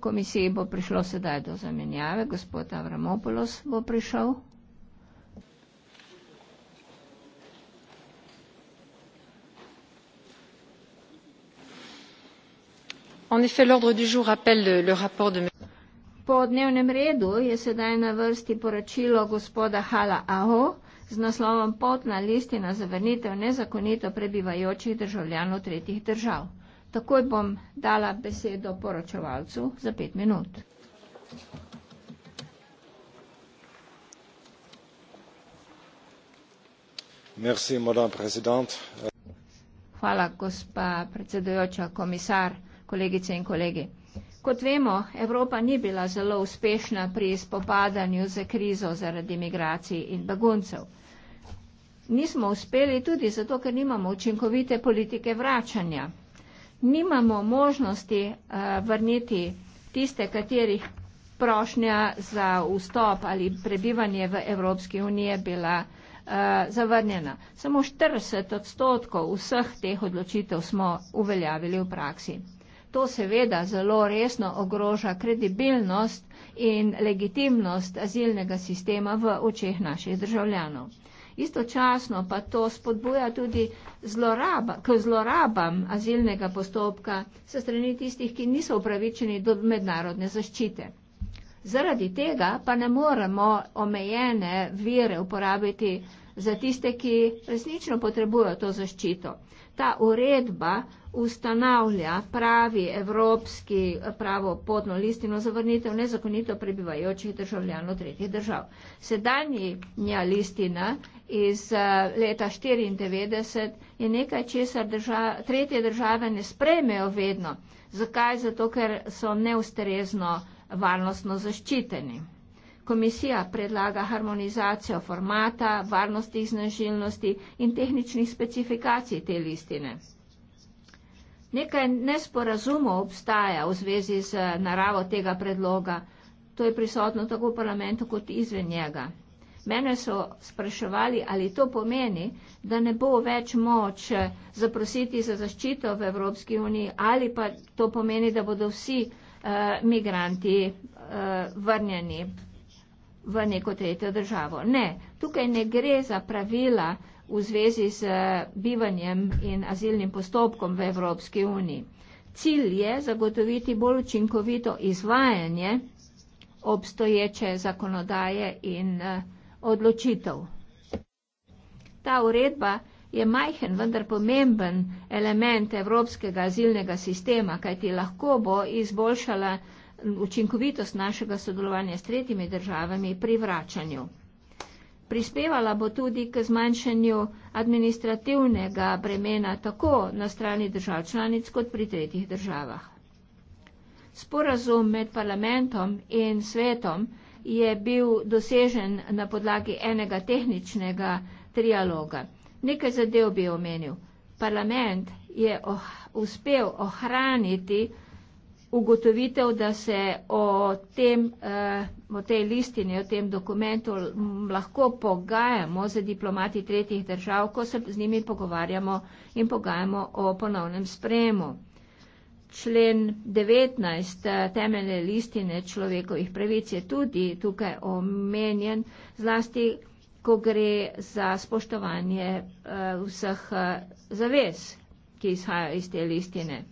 komisiji bo prišlo sedaj do zamenjave. Gospod Avramopoulos bo prišel. Po dnevnem redu je sedaj na vrsti poročilo gospoda Hala Aho z naslovom Potna listina za vrnitev nezakonito prebivajočih državljanov tretjih držav. Takoj bom dala besedo poročevalcu za pet minut. Merci, madame president. Hvala, gospa predsedujoča, komisar, kolegice in kolegi. Kot vemo, Evropa ni bila zelo uspešna pri spopadanju z krizo zaradi migracij in beguncev. Nismo uspeli tudi zato, ker nimamo učinkovite politike vračanja nimamo možnosti eh, vrniti tiste, katerih prošnja za vstop ali prebivanje v Evropski uniji je bila eh, zavrnjena. Samo 40 odstotkov vseh teh odločitev smo uveljavili v praksi. To seveda zelo resno ogroža kredibilnost in legitimnost azilnega sistema v očeh naših državljanov istočasno pa to spodbuja tudi zloraba, k zlorabam azilnega postopka se strani tistih, ki niso upravičeni do mednarodne zaščite. Zaradi tega pa ne moremo omejene vire uporabiti za tiste, ki resnično potrebujo to zaščito. Ta uredba ustanavlja pravi evropski eh, pravo potno listino za vrnitev nezakonito prebivajočih državljanov tretjih držav. Sedanjija listina iz uh, leta 1994 je nekaj, česar država, tretje države ne spremejo vedno. Zakaj? Zato, ker so neustrezno varnostno zaščiteni. Komisija predlaga harmonizacijo formata, varnostnih značilnosti in tehničnih specifikacij te listine. Nekaj nesporazumov obstaja v zvezi z naravo tega predloga. To je prisotno tako v parlamentu kot izven njega. Mene so spraševali, ali to pomeni, da ne bo več moč eh, zaprositi za zaščito v Evropski uniji, ali pa to pomeni, da bodo vsi uh, migranti uh, vrnjeni v neko tretjo državo. Ne, tukaj ne gre za pravila v zvezi z bivanjem in azilnim postopkom v Evropski uniji. Cilj je zagotoviti bolj učinkovito izvajanje obstoječe zakonodaje in uh, odločitev. Ta uredba je majhen, vendar pomemben element evropskega azilnega sistema, kajti lahko bo izboljšala učinkovitost našega sodelovanja s tretjimi državami pri vračanju. Prispevala bo tudi k zmanjšanju administrativnega bremena tako na strani držav članic kot pri tretjih državah. Sporazum med parlamentom in svetom je bil dosežen na podlagi enega tehničnega trialoga. Nekaj zadev bi omenil. Parlament je oh, uspel ohraniti ugotovitev, da se o, tem, eh, o tej listini, o tem dokumentu lahko pogajamo z diplomati tretjih držav, ko se z njimi pogovarjamo in pogajamo o ponovnem spremu člen 19 eh, temeljne listine človekovih pravic je tudi tukaj omenjen, zlasti ko gre za spoštovanje eh, vseh eh, zavez, ki izhajajo iz te listine.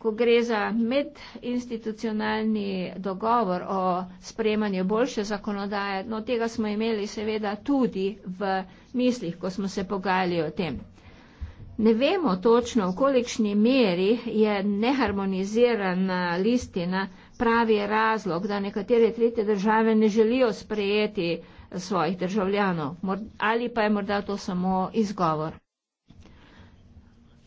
Ko gre za medinstitucionalni dogovor o sprejemanju boljše zakonodaje, no tega smo imeli seveda tudi v mislih, ko smo se pogajali o tem. Ne vemo točno, v kolikšni meri je neharmonizirana listina pravi razlog, da nekatere tretje države ne želijo sprejeti svojih državljanov. Ali pa je morda to samo izgovor.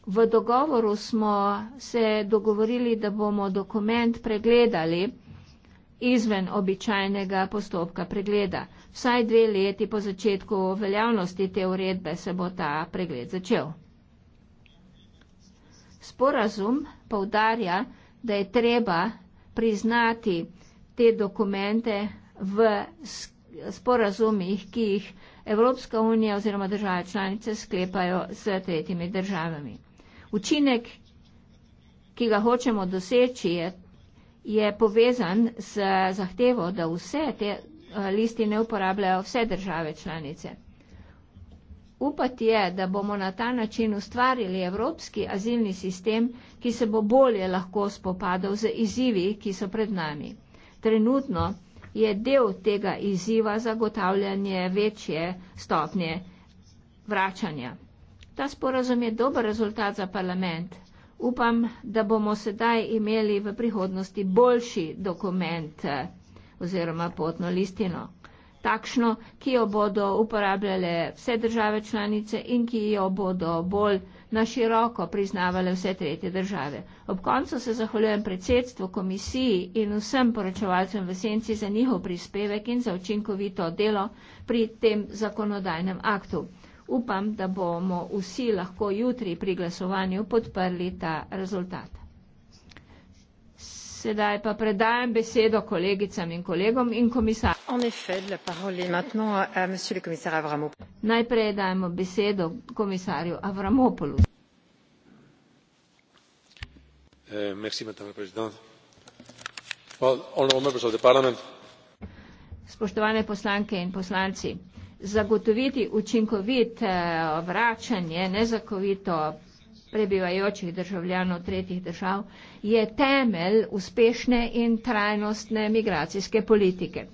V dogovoru smo se dogovorili, da bomo dokument pregledali izven običajnega postopka pregleda. Vsaj dve leti po začetku veljavnosti te uredbe se bo ta pregled začel. Sporazum povdarja, da je treba priznati te dokumente v sporazumih, ki jih Evropska unija oziroma države članice sklepajo s tretjimi državami. Učinek, ki ga hočemo doseči, je, je povezan z zahtevo, da vse te eh, listine uporabljajo vse države članice. Upati je, da bomo na ta način ustvarili evropski azilni sistem, ki se bo bolje lahko spopadal z izzivi, ki so pred nami. Trenutno je del tega izziva zagotavljanje večje stopnje vračanja. Ta sporazum je dober rezultat za parlament. Upam, da bomo sedaj imeli v prihodnosti boljši dokument eh, oziroma potno listino takšno, ki jo bodo uporabljale vse države članice in ki jo bodo bolj na široko priznavale vse tretje države. Ob koncu se zahvaljujem predsedstvu, komisiji in vsem poročevalcem v senci za njihov prispevek in za učinkovito delo pri tem zakonodajnem aktu. Upam, da bomo vsi lahko jutri pri glasovanju podprli ta rezultat. Sedaj pa predajam besedo kolegicam in kolegom in komisarju. Najprej dajemo besedo komisarju Avramopolu. Eh, Spoštovane poslanke in poslanci, zagotoviti učinkovito eh, vračanje, nezakonito prebivajočih državljanov tretjih držav, je temelj uspešne in trajnostne migracijske politike.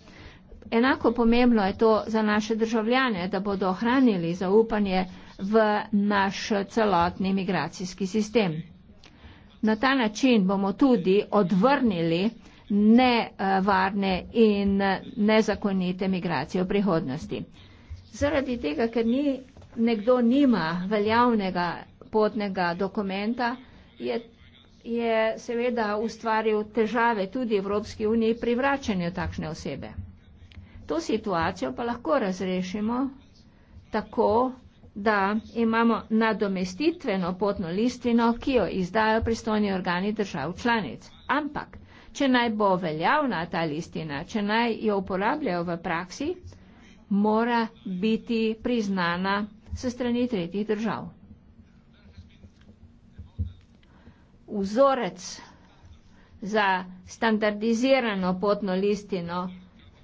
Enako pomembno je to za naše državljane, da bodo ohranili zaupanje v naš celotni migracijski sistem. Na ta način bomo tudi odvrnili nevarne in nezakonite migracije v prihodnosti. Zaradi tega, ker ni, nekdo nima veljavnega potnega dokumenta, je, je seveda ustvaril težave tudi Evropski uniji pri vračanju takšne osebe. To situacijo pa lahko razrešimo tako, da imamo nadomestitveno potno listvino, ki jo izdajo pristojni organi držav članic. Ampak, če naj bo veljavna ta listina, če naj jo uporabljajo v praksi, mora biti priznana se strani tretjih držav. vzorec za standardizirano potno listino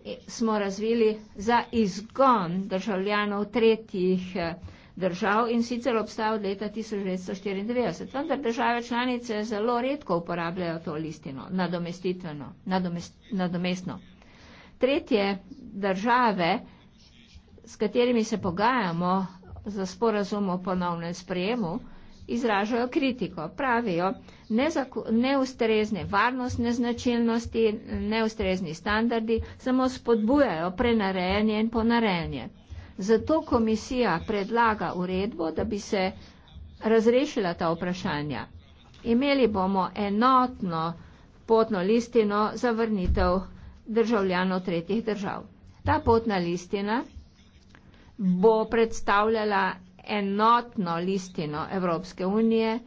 e, smo razvili za izgon državljanov tretjih e, držav in sicer obstaja od leta 1994. Vendar države članice zelo redko uporabljajo to listino, nadomestitveno, nadomest, nadomestno. Tretje države, s katerimi se pogajamo za sporazum o ponovnem sprejemu, izražajo kritiko, pravijo neustrezne varnostne značilnosti, neustrezni standardi, samo spodbujajo prenarejanje in ponarejanje. Zato komisija predlaga uredbo, da bi se razrešila ta vprašanja. Imeli bomo enotno potno listino za vrnitev državljanov tretjih držav. Ta potna listina bo predstavljala enotno listino Evropske unije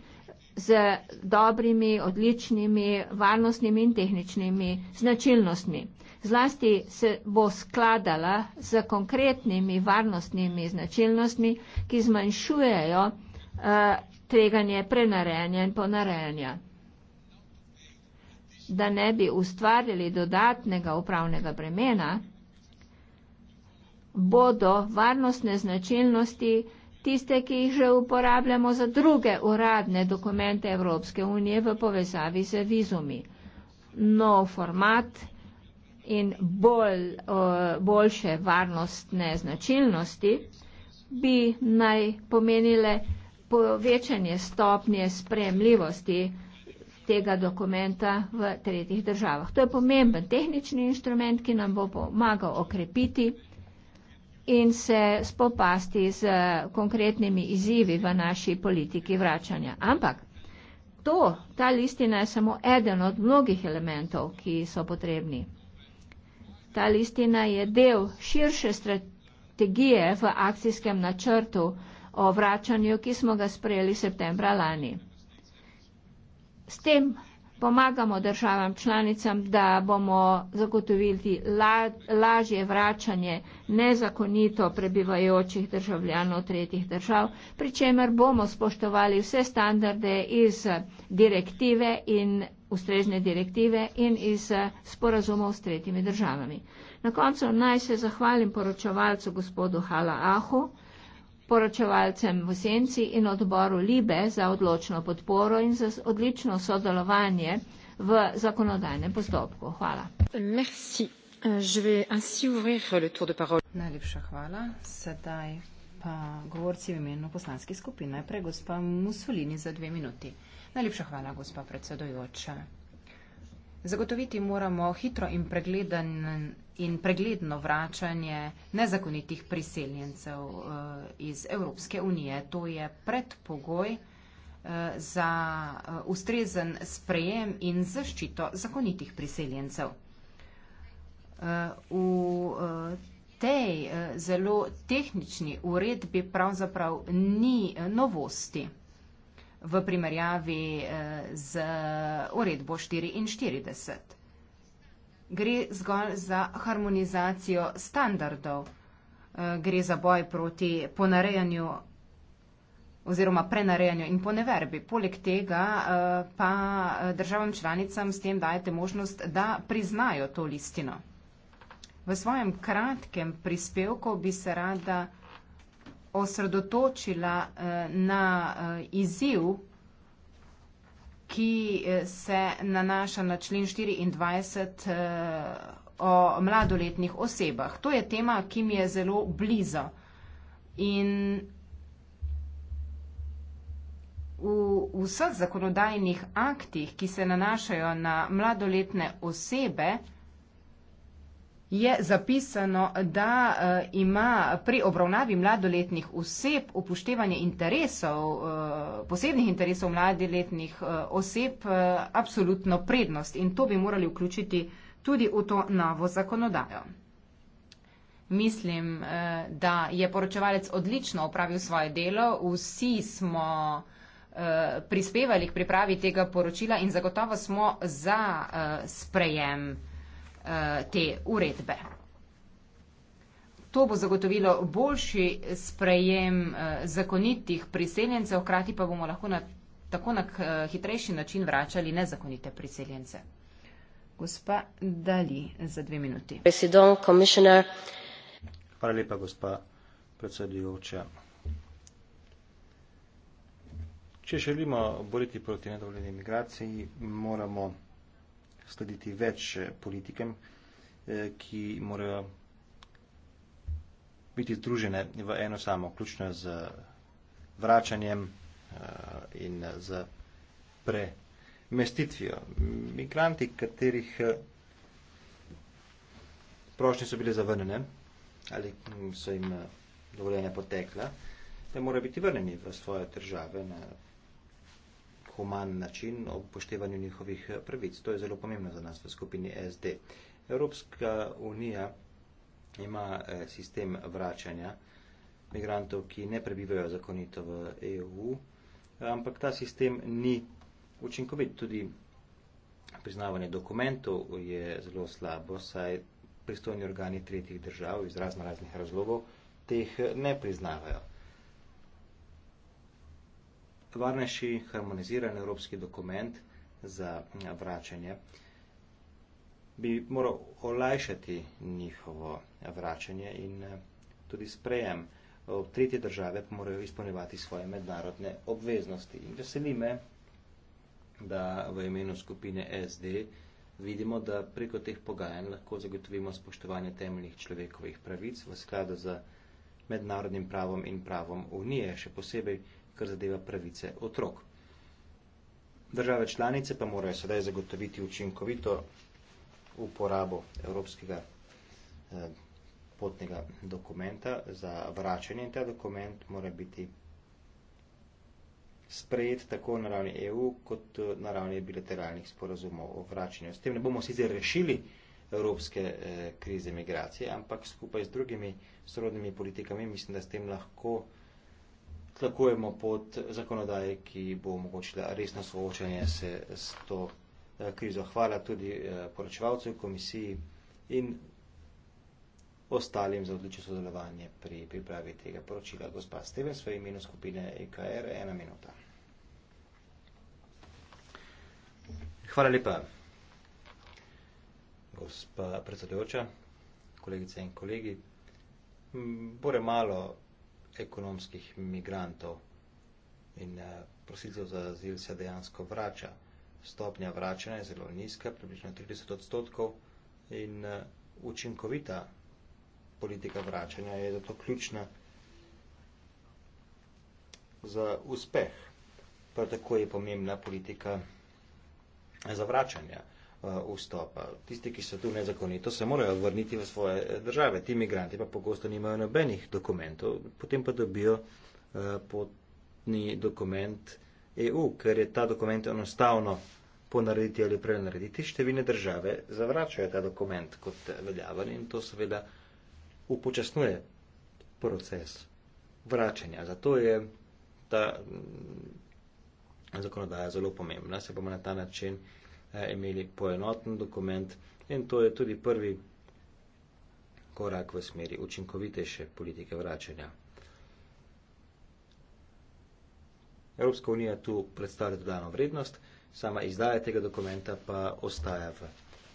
z dobrimi, odličnimi, varnostnimi in tehničnimi značilnostmi. Zlasti se bo skladala z konkretnimi varnostnimi značilnostmi, ki zmanjšujejo uh, tveganje prenarejanja in ponarejanja. Da ne bi ustvarili dodatnega upravnega bremena, bodo varnostne značilnosti uh, tiste, ki jih že uporabljamo za druge uradne dokumente Evropske unije v povezavi z vizumi. Nov format in bolj, boljše varnostne značilnosti bi naj pomenile povečanje stopnje spremljivosti tega dokumenta v tretjih državah. To je pomemben tehnični inštrument, ki nam bo pomagal okrepiti in se spopasti z konkretnimi izzivi v naši politiki vračanja. Ampak to, ta listina je samo eden od mnogih elementov, ki so potrebni. Ta listina je del širše strategije v akcijskem načrtu o vračanju, ki smo ga sprejeli septembra lani. S tem pomagamo državam članicam, da bomo zagotovili la, lažje vračanje nezakonito prebivajočih državljanov tretjih držav, pri čemer bomo spoštovali vse standarde iz direktive in ustrezne direktive in iz sporazumov s tretjimi državami. Na koncu naj se zahvalim poročevalcu gospodu Hala Ahu poročevalcem v senci in odboru Libe za odločno podporo in za odlično sodelovanje v zakonodajnem postopku. Hvala. Merci. Je vais ainsi ouvrir le tour de parole. Najlepša hvala. Sedaj pa govorci v imenu poslanskih skupin. Najprej gospa Mussolini za dve minuti. Najlepša hvala, gospa predsedojoča. Zagotoviti moramo hitro in, in pregledno vračanje nezakonitih priseljencev eh, iz Evropske unije. To je predpogoj eh, za eh, ustrezen sprejem in zaščito zakonitih priseljencev. V tej zelo tehnični uredbi pravzaprav ni novosti v primerjavi eh, z uredbo 44. Gre zgolj za harmonizacijo standardov, eh, gre za boj proti ponarejanju oziroma prenarejanju in poneverbi. Poleg tega eh, pa državam članicam s tem dajete možnost, da priznajo to listino. V svojem kratkem prispevku bi se rada vprašala, osredotočila eh, na eh, izziv, ki eh, se nanaša na člen 24 o mladoletnih osebah. To je tema, ki mi je zelo bliza. In v vseh zakonodajnih aktih, ki se nanašajo na mladoletne osebe, je zapisano, da eh, ima pri obravnavi mladoletnih oseb upoštevanje interesov, eh, posebnih interesov mladoletnih eh, oseb, absolutno prednost in to bi morali vključiti tudi v to novo zakonodajo. Mislim, da je poročevalec odlično opravil svoje delo, vsi smo prispevali k pripravi tega poročila in zagotovo smo za sprejem Eh, te uredbe. To bo zagotovilo boljši sprejem eh, zakonitih priseljencev, hkrati pa bomo lahko na tako na eh, hitrejši način vračali nezakonite priseljence. Gospa Dali, za dve minuti. Hvala lepa, gospa predsedujoča. Če želimo boriti proti nedovoljeni migraciji, moramo slediti več eh, politikem, eh, ki morajo biti združene v eno samo, ključno z vračanjem eh, in z premestitvijo. Migranti, katerih prošnje so bile zavrnjene ali mm, so jim dovoljene potekla, da morajo biti vrnjeni v svoje države na human način ob upoštevanju njihovih pravic. To je zelo pomembno za nas v skupini SD. Evropska unija ima eh, sistem vračanja migrantov, ki ne prebivajo zakonito v EU, ampak ta sistem ni učinkovit. Tudi priznavanje dokumentov je zelo slabo, saj pristojni organi tretjih držav iz razno raznih razlogov teh ne priznavajo varnejši, harmoniziran evropski dokument za eh, vračanje bi moral olajšati njihovo eh, vračanje in eh, tudi sprejem. Tretje države pa morajo izpolnjevati svoje mednarodne obveznosti. In veseli me, da v imenu skupine SD vidimo, da preko teh pogajanj lahko zagotovimo spoštovanje temeljnih človekovih pravic v skladu z mednarodnim pravom in pravom Unije, še posebej kar zadeva pravice otrok. Države članice pa morajo sedaj zagotoviti učinkovito uporabo evropskega eh, potnega dokumenta. Za vračanje ta dokument mora biti sprejet tako na ravni EU, kot eh, na ravni bilateralnih sporazumov o vračanju. S tem ne bomo sicer rešili evropske eh, krize migracije, ampak skupaj z drugimi sorodnimi politikami mislim, da s tem lahko tlakujemo pod zakonodaje, ki bo omogočila resno soočanje se s to eh, krizo. Hvala tudi eh, poročevalcu, komisiji in ostalim za odlično sodelovanje pri pripravi tega poročila. Gospa Steven, svoje imeno skupine EKR, ena minuta. Hvala lepa, gospa predsedujoča, kolegice in kolegi. Bore malo ekonomskih migrantov in eh, prosilcev za azil se dejansko vrača. Stopnja vračanja je zelo nizka, približno 30 odstotkov in eh, učinkovita politika vračanja je zato ključna za uspeh. Prav tako je pomembna politika zavračanja. Uh, vstopa. Tisti, ki so tu nezakonito, se morajo vrniti v svoje eh, države. Ti imigranti pa pogosto nimajo nobenih dokumentov, potem pa dobijo eh, potni dokument EU, ker je ta dokument enostavno ponarediti ali prenarediti. Številne države zavračajo ta dokument kot veljaven in to seveda upočasnuje proces vračanja. Zato je ta mm, zakonodaja zelo pomembna, se bomo na ta način uh, Eh, imeli poenoten dokument in to je tudi prvi korak v smeri učinkovitejše politike vračanja. Evropska unija tu predstavlja dodano vrednost, sama izdaja tega dokumenta pa ostaja v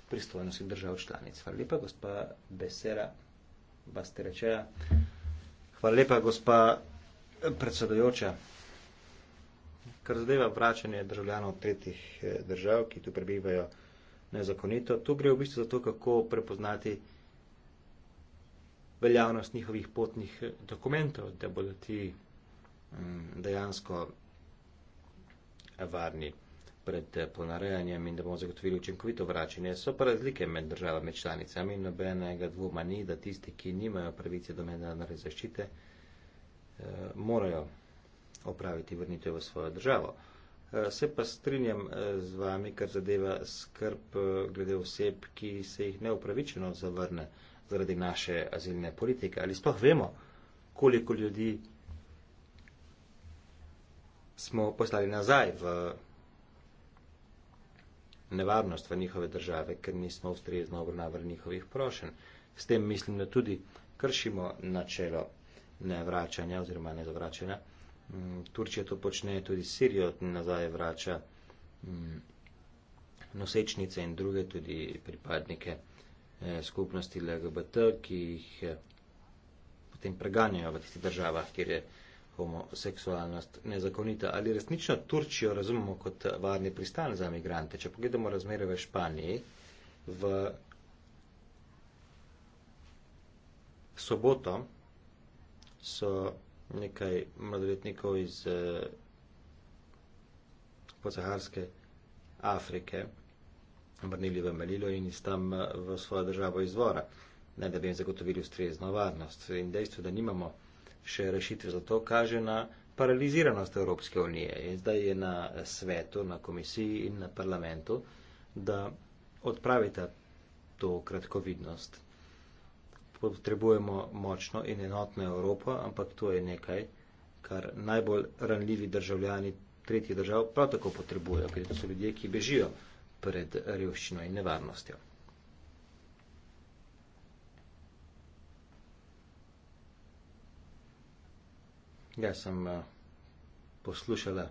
pristojnosti držav članic. Hvala lepa, gospa Besera, vas te rečeja. Hvala lepa, gospa predsedojoča. Kar zadeva vračanje državljanov tretjih eh, držav, ki tu prebivajo nezakonito, tu gre v bistvu za to, kako prepoznati veljavnost njihovih potnih eh, dokumentov, da bodo ti mm, dejansko varni pred eh, ponarejanjem in da bomo zagotovili učinkovito vračanje. So pa razlike med državami članicami in nobenega dvoma ni, da tisti, ki nimajo pravice do mednarodne zaščite, morajo opraviti vrnitev v svojo državo. E, se pa strinjam e, z vami, kar zadeva skrb e, glede oseb, ki se jih neupravičeno zavrne zaradi naše azilne politike. Ali sploh vemo, koliko ljudi smo poslali nazaj v nevarnost v njihove države, ker nismo ustrezno obravnavali njihovih prošen. S tem mislim, da tudi kršimo načelo nevračanja oziroma nezavračanja. Mm, Turčija to počne, tudi Sirijo nazaj vrača mm, nosečnice in druge tudi pripadnike eh, skupnosti LGBT, ki jih eh, potem preganjajo v tistih državah, kjer je homoseksualnost nezakonita. Ali resnično Turčijo razumemo kot varni pristan za migrante? Če pogledamo razmere v Španiji, v soboto so nekaj mladoletnikov iz eh, podsaharske Afrike vrnili v Melilo in iz tam eh, v svojo državo izvora, ne da bi jim zagotovili ustrezno varnost. In dejstvo, da nimamo še rešitve za to, kaže na paraliziranost Evropske unije. In zdaj je na eh, svetu, na komisiji in na parlamentu, da odpravite to kratkovidnost potrebujemo močno in enotno Evropo, ampak to je nekaj, kar najbolj ranljivi državljani tretjih držav prav tako potrebujejo, ker to so ljudje, ki bežijo pred revščino in nevarnostjo. Jaz sem eh, poslušala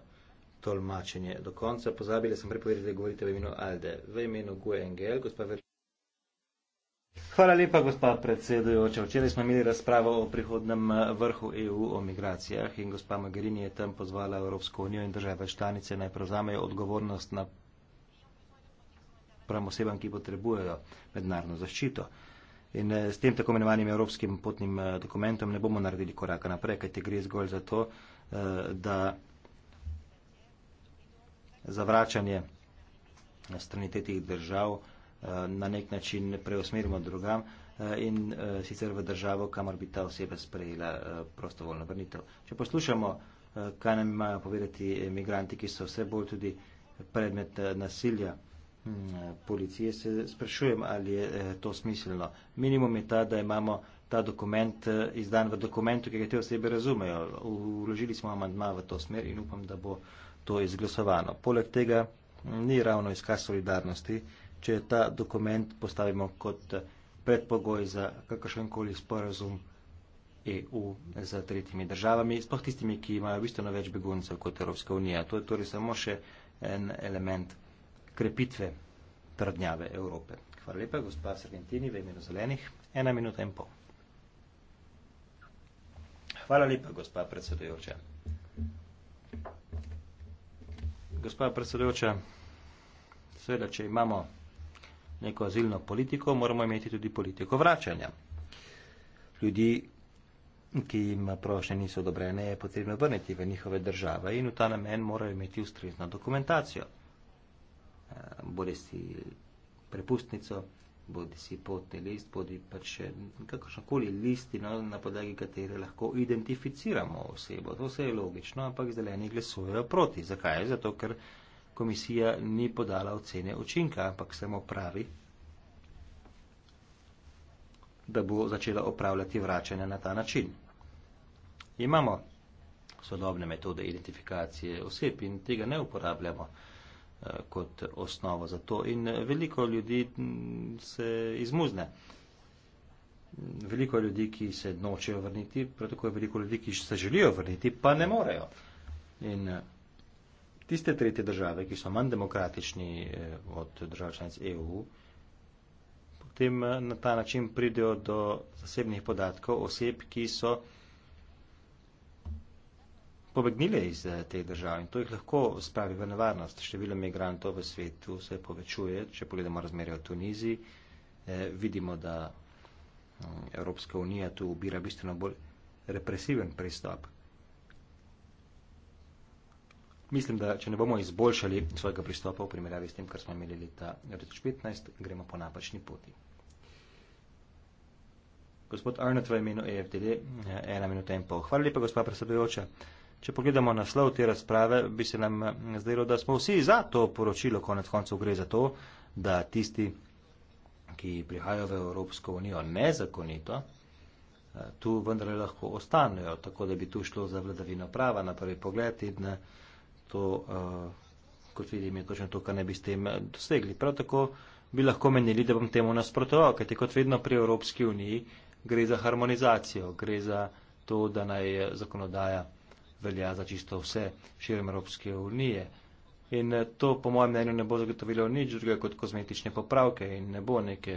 tolmačenje do konca. Pozabili sem prepovedati, da govorite v imenu Alde. V imenu Gue Engel, gospod Verjel. Hvala lepa, gospa predsedujoča. Včeraj smo imeli razpravo o prihodnem eh, vrhu EU o migracijah in gospa Magrini je tam pozvala Evropsko unijo in države članice naj prevzamejo odgovornost na pravim osebam, ki potrebujejo mednarodno zaščito. In eh, s tem tako imenovanim evropskim potnim eh, dokumentom ne bomo naredili koraka naprej, kajti gre zgolj za to, da zavračanje strani tetih držav Eh, na nek način preusmerimo drugam eh, in eh, sicer v državo, kamor bi ta oseba sprejela prostovoljno vrnitev. Če poslušamo, kaj nam imajo povedati imigranti, ki so vse bolj tudi predmet nasilja hm, policije, se sprašujem, ali je to smiselno. Minimum je ta, da imamo ta dokument izdan v dokumentu, ki ga te osebe razumejo. Uložili smo amandma v to smer in upam, da bo to izglasovano. Poleg tega hm, ni ravno izkaz solidarnosti, če ta dokument postavimo kot predpogoj za kakršen koli sporazum EU z tretjimi državami, sploh tistimi, ki imajo bistveno več beguncev kot Evropska unija. To je torej samo še en element krepitve trdnjave Evrope. Hvala lepa, gospa Sargentini, v imenu zelenih, ena minuta in pol. Hvala lepa, gospa predsedujoča. Gospa predsedujoča, seveda, če imamo neko azilno politiko, moramo imeti tudi politiko vračanja. Ljudi, ki jim prošnje niso odobrene, je potrebno vrniti v njihove države in v ta namen morajo imeti ustrezno dokumentacijo. Eh, bodi si prepustnico, bodi si potni list, bodi pač kakršnokoli listino, na podlagi katere lahko identificiramo osebo. To vse je logično, ampak zeleni glasujejo proti. Zakaj? Zato, ker komisija ni podala ocene učinka, ampak samo pravi, da bo začela opravljati vračanje na ta način. Imamo sodobne metode identifikacije oseb in tega ne uporabljamo eh, kot osnovo za to. In eh, veliko ljudi se izmuzne. Veliko ljudi, ki se nočejo vrniti, prav tako je veliko ljudi, ki se želijo vrniti, pa ne morejo. In eh, tiste tretje države, ki so manj demokratični eh, od držav članic EU, potem eh, na ta način pridejo do zasebnih podatkov oseb, ki so pobegnile iz eh, teh držav in to jih lahko spravi v nevarnost. Število migrantov v svetu se povečuje, če pogledamo razmere v Tuniziji, eh, vidimo, da mm, Evropska unija tu ubira bistveno bolj represiven pristop mislim, da če ne bomo izboljšali svojega pristopa v primerjavi s tem, kar smo imeli leta 2015, gremo po napačni poti. Gospod Arnott v imenu EFTD, eh, ena minuta in pol. Hvala lepa, gospod predsedujoča. Če pogledamo naslov te razprave, bi se nam eh, zdelo, da smo vsi za to poročilo, konec koncev gre za to, da tisti, ki prihajajo v Evropsko unijo nezakonito, eh, tu vendarle lahko ostanejo, tako da bi tu šlo za vladavino prava na prvi pogled in to, uh, kot vidim, je točno to, kar ne bi s tem eh, dosegli. Prav tako bi lahko menili, da bom temu nasprotoval, kajte kot vedno pri Evropski uniji gre za harmonizacijo, gre za to, da naj eh, zakonodaja velja za čisto vse širom Evropske unije. In to, po mojem mnenju, ne bo zagotovilo nič drugega kot kozmetične popravke in ne bo neke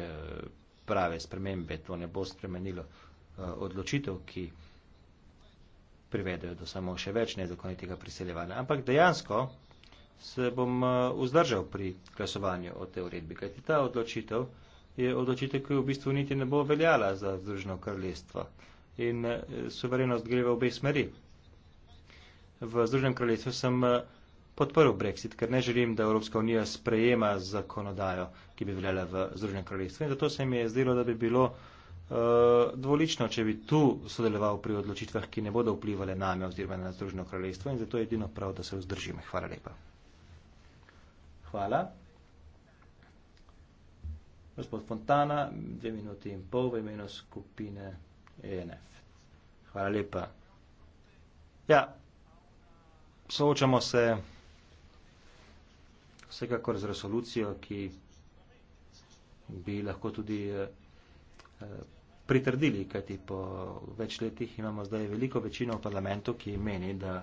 prave spremembe, to ne bo spremenilo uh, odločitev, ki privedejo do samo še več nezakonitega priseljevanja. Ampak dejansko se bom eh, vzdržal pri glasovanju o tej uredbi, kajti ta odločitev je odločitev, ki v bistvu niti ne bo veljala za Združeno kraljestvo. In eh, suverenost gre v obe smeri. V Združenem kraljestvu sem eh, podporil Brexit, ker ne želim, da Evropska unija sprejema zakonodajo, ki bi veljala v Združenem kraljestvu. In zato se mi je zdelo, da bi bilo Eh, dvolično, če bi tu sodeloval pri odločitvah, ki ne bodo vplivali na me oziroma na Združeno kraljestvo in zato je edino prav, da se vzdržim. Hvala lepa. Hvala. Gospod Fontana, dve minuti in pol v imenu skupine ENF. Hvala lepa. Ja, soočamo se vsekakor z resolucijo, ki bi lahko tudi eh, eh, pritrdili, kajti po več letih imamo zdaj veliko večino v parlamentu, ki meni, da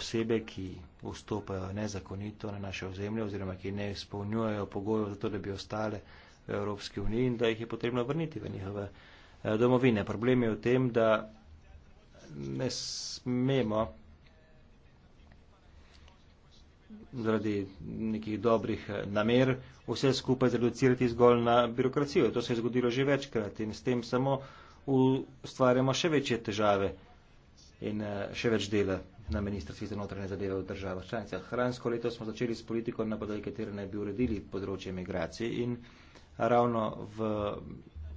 osebe, ki vstopajo nezakonito na naše ozemlje oziroma ki ne izpolnjujejo pogojev za to, da bi ostale v Evropski uniji in da jih je potrebno vrniti v njihove eh, domovine. Problem je v tem, da ne smemo zaradi nekih dobrih eh, namer vse skupaj zreducirati zgolj na birokracijo. To se je zgodilo že večkrat in s tem samo ustvarjamo še večje težave in eh, še več dela na ministrstvi za notranje zadeve v državah članicah. Hransko leto smo začeli s politiko, na podaj katero naj bi uredili področje migracij in ravno v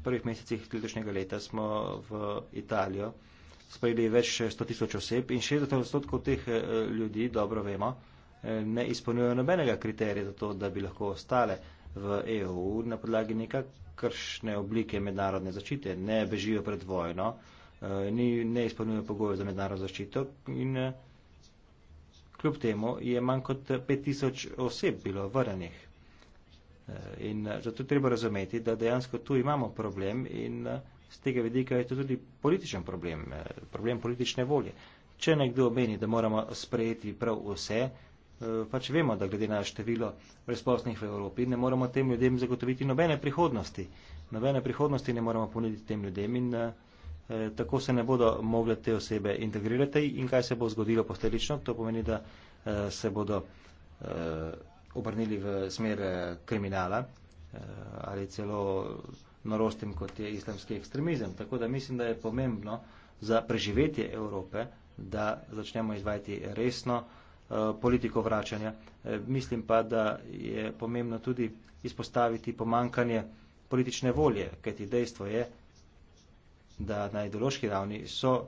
prvih mesecih letošnjega leta smo v Italijo sprejeli več sto tisoč oseb in 60 odstotkov teh eh, ljudi, dobro vemo, Eh, ne izpolnjujejo nobenega kriterija za to, da bi lahko ostale v EU na podlagi nekakršne oblike mednarodne zaščite, ne bežijo pred vojno, eh, ne izpolnjujejo pogojev za mednarodno zaščito in eh, kljub temu je manj kot 5000 oseb bilo vrnenih. In zato treba razumeti, da dejansko tu imamo problem in z tega vidika je to tudi političen problem, problem politične volje. Če nekdo meni, da moramo sprejeti prav vse, Eh, pač vemo, da glede na število brezposlenih v Evropi ne moramo tem ljudem zagotoviti nobene prihodnosti. Nobene prihodnosti ne moramo ponuditi tem ljudem in eh, eh, tako se ne bodo mogle te osebe integrirati in kaj se bo zgodilo posledično, to pomeni, da eh, se bodo eh, obrnili v smer eh, kriminala eh, ali celo narostim, kot je islamski ekstremizem. Tako da mislim, da je pomembno za preživetje Evrope, da začnemo izvajati resno eh, Eh, politiko vračanja. Eh, mislim pa, da je pomembno tudi izpostaviti pomankanje politične volje, kajti dejstvo je, da na ideološki ravni so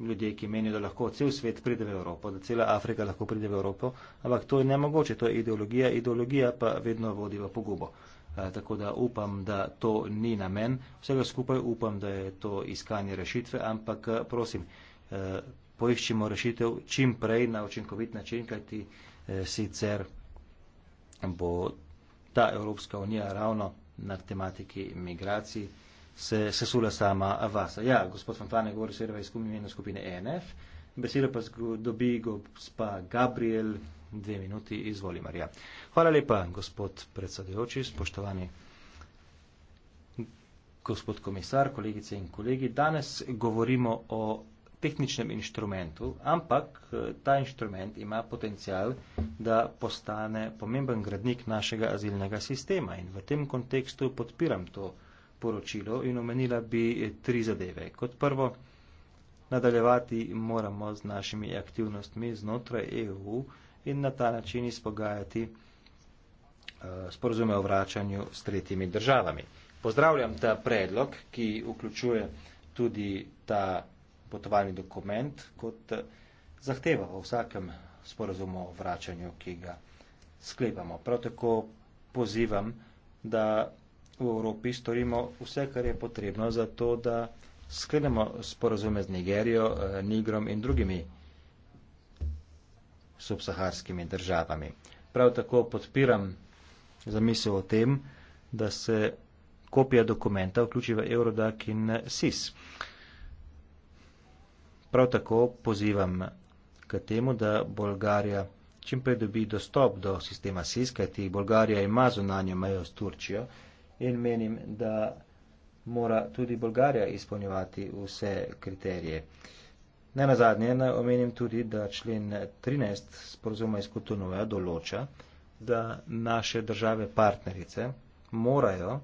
ljudje, ki menijo, da lahko cel svet pride v Evropo, da cela Afrika lahko pride v Evropo, ampak to je nemogoče, to je ideologija, ideologija pa vedno vodi v pogubo. Eh, tako da upam, da to ni namen vsega skupaj, upam, da je to iskanje rešitve, ampak prosim, poiščimo rešitev čim prej na učinkovit način, kajti eh, sicer bo ta Evropska unija ravno na tematiki migracij se sesula sama vasa. Ja, gospod Fanfane govori seveda iz imena skupine ENF, besedo pa dobi gospa Gabriel, dve minuti, izvoli Marija. Hvala lepa, gospod predsedujoči, spoštovani gospod komisar, kolegice in kolegi. Danes govorimo o tehničnem inštrumentu, ampak eh, ta inštrument ima potencial, da postane pomemben gradnik našega azilnega sistema. In v tem kontekstu podpiram to poročilo in omenila bi eh, tri zadeve. Kot prvo, nadaljevati moramo z našimi aktivnostmi znotraj EU in na ta način izpogajati eh, sporozume o vračanju s tretjimi državami. Pozdravljam ta predlog, ki vključuje tudi ta potovalni dokument, kot eh, zahteva v vsakem sporozumu o vračanju, ki ga sklepamo. Prav tako pozivam, da v Evropi storimo vse, kar je potrebno za to, da sklenemo sporozume z Nigerijo, eh, Nigrom in drugimi subsaharskimi državami. Prav tako podpiram zamisel o tem, da se kopija dokumenta vključi v Eurodac in eh, SIS. Uh, Prav tako pozivam k temu, da Bolgarija čim prej dobi dostop do sistema SIS, kajti Bolgarija ima zunanjo mejo s Turčijo in menim, da mora tudi Bolgarija izpolnjevati vse kriterije. Ne na zadnje, naj omenim tudi, da člen 13 sporozuma iz Kutunoja določa, da naše države partnerice morajo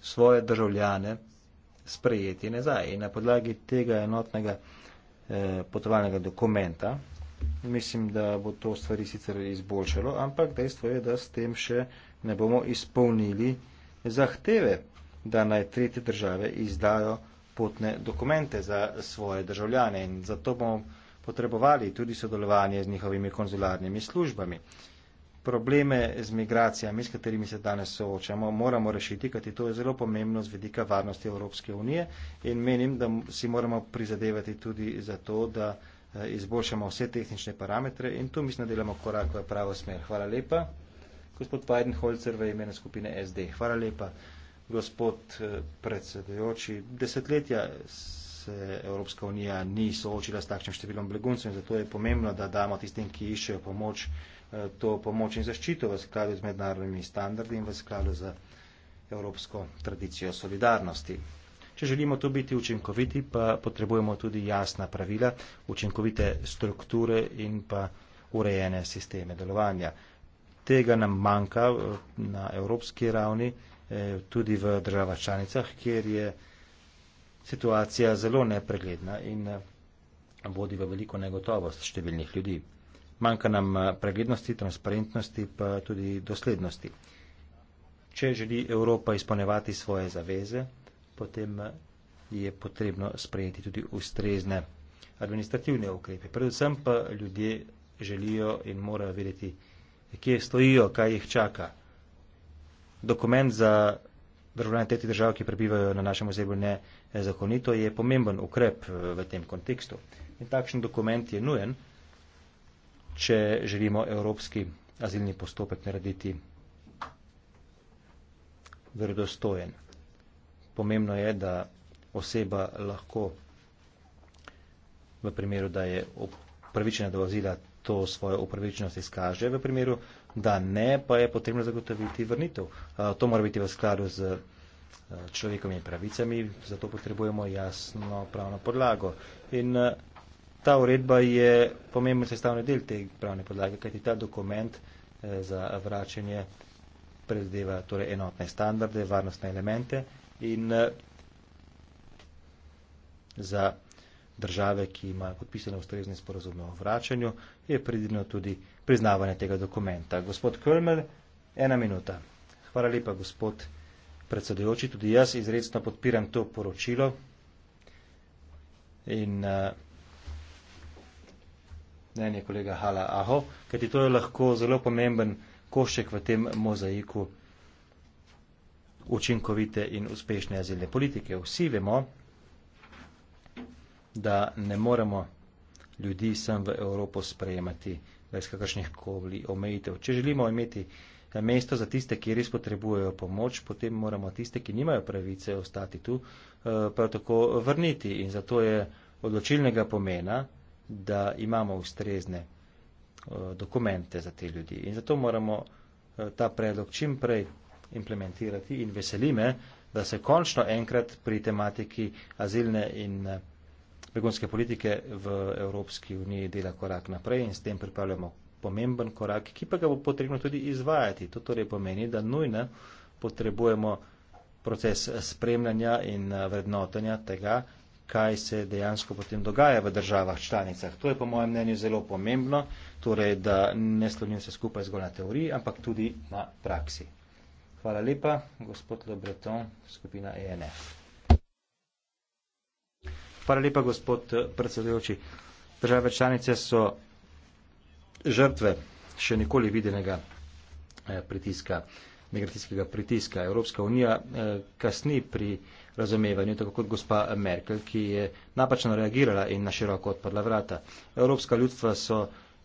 svoje državljane sprejeti nazaj. In na podlagi tega enotnega Eh, potovalnega dokumenta. Mislim, da bo to stvari sicer izboljšalo, ampak dejstvo je, da s tem še ne bomo izpolnili zahteve, da naj tretje države izdajo potne dokumente za svoje državljane in zato bomo potrebovali tudi sodelovanje z njihovimi konzularnimi službami. Uh, probleme z migracijami, s katerimi se danes soočamo, moramo rešiti, kajti to je zelo pomembno z vedika varnosti Evropske unije in menim, da si moramo prizadevati tudi za to, da eh, izboljšamo vse tehnične parametre in tu mislim, da delamo korak v pravo smer. Hvala lepa. Gospod Weidenholzer v imenu skupine SD. Hvala lepa. Gospod eh, predsedujoči, desetletja se Evropska unija ni soočila s takšnim številom beguncev in zato je pomembno, da damo tistim, ki iščejo pomoč, Eh, to pomoč in zaščito v skladu z mednarodnimi standardi in v skladu z evropsko tradicijo solidarnosti. Če želimo tu biti učinkoviti, pa potrebujemo tudi jasna pravila, učinkovite strukture in pa urejene sisteme delovanja. Tega nam manjka eh, na evropski ravni, eh, tudi v državah članicah, kjer je situacija zelo nepregledna in vodi v veliko negotovost številnih ljudi manjka nam eh, preglednosti, transparentnosti pa tudi doslednosti. Če želi Evropa izpolnevati svoje zaveze, potem eh, je potrebno sprejeti tudi ustrezne administrativne ukrepe. Predvsem pa ljudje želijo in morajo vedeti, kje stojijo, kaj jih čaka. Dokument za državljane tretjih držav, ki prebivajo na našem ozemlju nezakonito, je pomemben ukrep eh, v tem kontekstu. In takšen dokument je nujen če želimo evropski azilni postopek narediti verodostojen. Pomembno je, da oseba lahko v primeru, da je upravičena do azila, to svojo upravičenost izkaže, v primeru, da ne, pa je potrebno zagotoviti vrnitev. To mora biti v skladu z človekovimi pravicami, zato potrebujemo jasno pravno podlago. In Ta uredba je pomemben sestavni del te pravne podlage, kajti ta dokument eh, za vračanje predzdeva torej enotne standarde, varnostne elemente in eh, za države, ki imajo podpisane ustrezne sporozume o vračanju, je predvideno tudi priznavanje tega dokumenta. Gospod Kölmel, ena minuta. Hvala lepa, gospod predsedujoči. Tudi jaz izredno podpiram to poročilo in uh, mnenje kolega Hala Aho, kajti to je lahko zelo pomemben košek v tem mozaiku učinkovite in uspešne azilne politike. Vsi vemo, da ne moremo ljudi sem v Evropo sprejemati brez kakršnih koli omejitev. Če želimo imeti eh, mesto za tiste, ki res potrebujejo pomoč, potem moramo tiste, ki nimajo pravice ostati tu, eh, prav tako vrniti. In zato je odločilnega pomena, da imamo ustrezne eh, dokumente za te ljudi. In zato moramo eh, ta predlog čim prej implementirati in veseli me, da se končno enkrat pri tematiki azilne in eh, begunske politike v Evropski uniji dela korak naprej in s tem pripravljamo pomemben korak, ki pa ga bo potrebno tudi izvajati. To torej pomeni, da nujno potrebujemo proces spremljanja in vrednotenja tega, kaj se dejansko potem dogaja v državah članicah. To je po mojem mnenju zelo pomembno, torej da ne slonim se skupaj zgolj na teoriji, ampak tudi na praksi. Hvala lepa, gospod Lebreton, skupina ENF. Hvala lepa, gospod predsedujoči. Države članice so žrtve še nikoli videnega eh, pritiska migracijskega pritiska. Evropska unija eh, kasni pri razumevanju, tako kot gospa Merkel, ki je napačno reagirala in na široko odprla vrata. Evropska ljudstva so